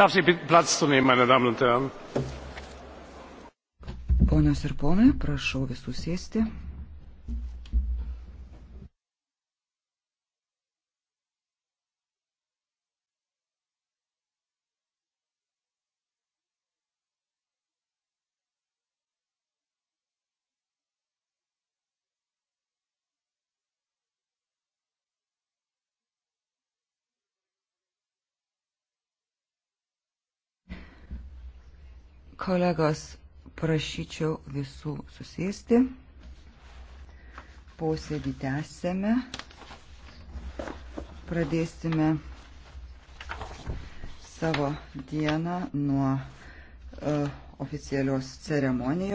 darf Sie bitten, Platz zu nehmen, meine Damen und Herren. Ponios ir ponai, prašau visus sėsti. Kolegos, prašyčiau visų susėsti. Posėdį tęsėme. Pradėsime savo dieną nuo uh, oficialios ceremonijos.